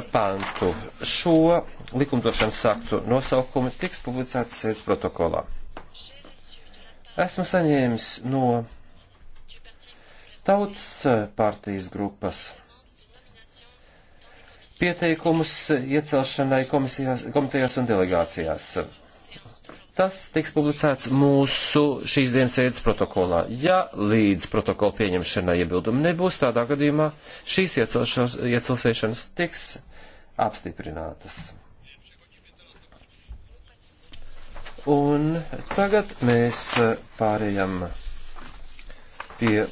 pantu. Šo likumdošanas aktu nosaukumu tiks publicēts sēdes protokolā. Esmu saņēmis no Tautas partijas grupas pieteikumus iecelšanai komisijās, komitejās un delegācijās. Tas tiks publicēts mūsu šīs dienas sēdes protokolā. Ja līdz protokola pieņemšanai iebildumi nebūs, tādā gadījumā šīs iecelsēšanas tiks apstiprinātas. Un tagad mēs eh, pārējām pie